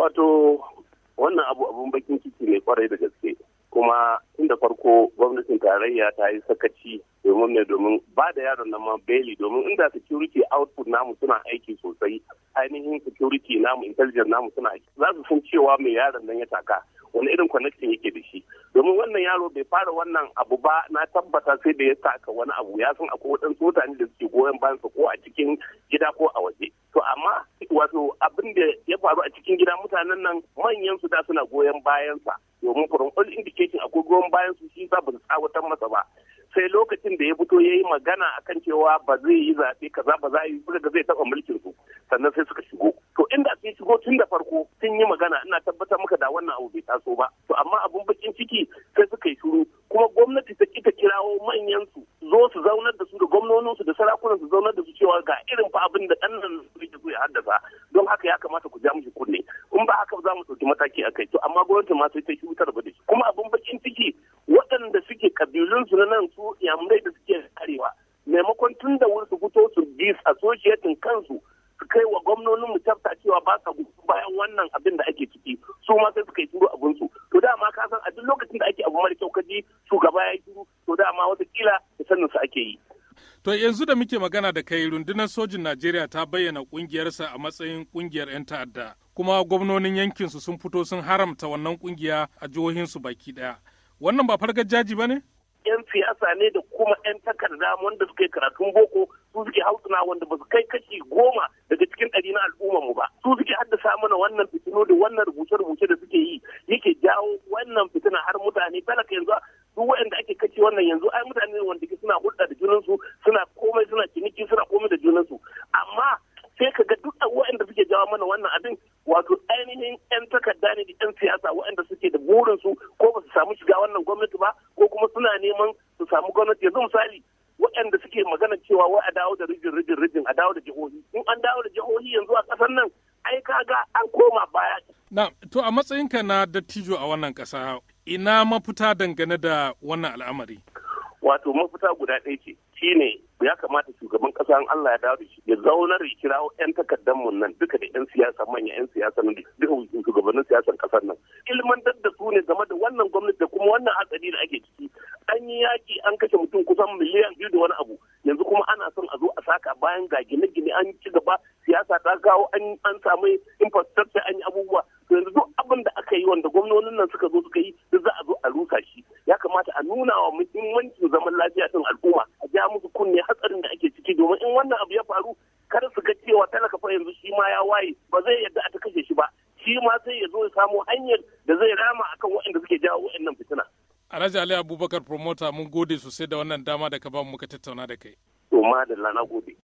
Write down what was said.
Wato wannan abu abun bakin ciki ne kwarai da gaske. Kuma inda farko gwamnatin tarayya ta yi sakaci domin ne domin ba da yaron nan ma beli domin inda security output namu suna aiki sosai ainihin security namu intelligence namu suna aiki za su san cewa mai yaron nan ya taka wani irin connection yake da shi domin wannan yaro bai fara wannan abu ba na tabbata sai da ya taka wani abu ya san akwai waɗansu mutane da suke goyon bayansa ko a cikin gida ko a waje to amma wato abin da ya faru a cikin gida mutanen nan manyan su da suna goyon bayansa domin from all indicating akwai goyon bayan su shi ba su tsawatar masa ba sai lokacin da ya fito ya yi magana akan cewa ba zai yi zaɓe kaza ba za yi da zai taɓa mulkin su sannan sai suka shigo to inda sun shigo tun da farko sun yi magana ina tabbatar maka da wannan abu bai taso ba to amma abun bakin ciki gwamnoninsu da sarakunan su zaunar da su cewa ga irin fa abin da ɗan nan yake so ya haddasa don haka ya kamata ku ja mushi kunne in ba haka za mu ɗauki mataki a kai to amma gwamnati ma sai ta shi wutar ba da shi kuma abin bakin ciki waɗanda suke kabilunsu na nan su yamurai da suke karewa, maimakon tun da wurin su fito su bi association kansu su kai wa gwamnonin mu tafta cewa ba sa bayan wannan abin da ake ciki su ma sai su kai abinsu to dama ka san a duk lokacin da ake abu mara kyau kaji shugaba ya yi turu to dama kila da sanin su ake yi To yanzu da muke magana da kai rundunar sojin Najeriya ta bayyana kungiyarsa a matsayin kungiyar 'yan ta'adda kuma gwamnonin yankinsu sun fito sun haramta wannan kungiya a jihohinsu baki daya. Wannan ba fargar jaji ba ne? 'Yan siyasa ne da kuma 'yan takarda wanda suka yi karatun boko su suke hausuna wanda ba su kai kashi goma daga cikin ɗari na al'ummar mu ba. Su suke haddasa mana wannan fitino da wannan rubuce-rubuce da suke yi yake jawo wannan fitina har mutane talaka yanzu duk waɗanda ake kace wannan yanzu ai mutane ne wanda suna hulɗa da junansu suna komai suna ciniki suna komai da junansu amma sai ka ga duk waɗanda suke jawo mana wannan abin wato ainihin 'yan takarda ne da 'yan siyasa waɗanda suke da burinsu ko ba su samu shiga wannan gwamnati ba ko kuma suna neman su samu gwamnati yanzu misali waɗanda suke magana cewa wai a dawo da rijin rijin rijin a dawo da jihohi in an dawo da jihohi yanzu a ƙasar nan ai kaga an koma baya. na to a matsayinka na dattijo a wannan ƙasa ina mafita dangane da wannan al'amari? Wato mafita guda ɗaya ce, shi ne ya kamata shugaban ƙasa an Allah ya dawo da shi ya zaunar ya kirawo 'yan takardar mu nan duka da 'yan siyasa manya 'yan siyasa nan duka shugabannin siyasar ƙasar nan. Ilmantar da su ne game da wannan gwamnati da kuma wannan hatsari da ake ciki. An yi yaƙi an kashe mutum kusan miliyan biyu da wani abu. bayan ga gine-gine an ci gaba siyasa ta kawo an samu infrastructure an yi abubuwa to yanzu duk abin da aka yi wanda gwamnonin nan suka zo suka yi duk za a zo a rusa shi ya kamata a nuna wa muhimmancin zaman lafiya din al'umma a ja musu kunne hatsarin da ake ciki domin in wannan abu ya faru kada su ga cewa talaka fa yanzu shi ma ya waye ba zai yadda a ta kashe shi ba shi ma sai ya zo ya samo hanyar da zai rama akan waɗanda suke jawo waɗannan fitina. Alhaji Ali Abubakar Promota mun gode sosai da wannan dama da ka ba mu ka tattauna da kai. To madalla na gode.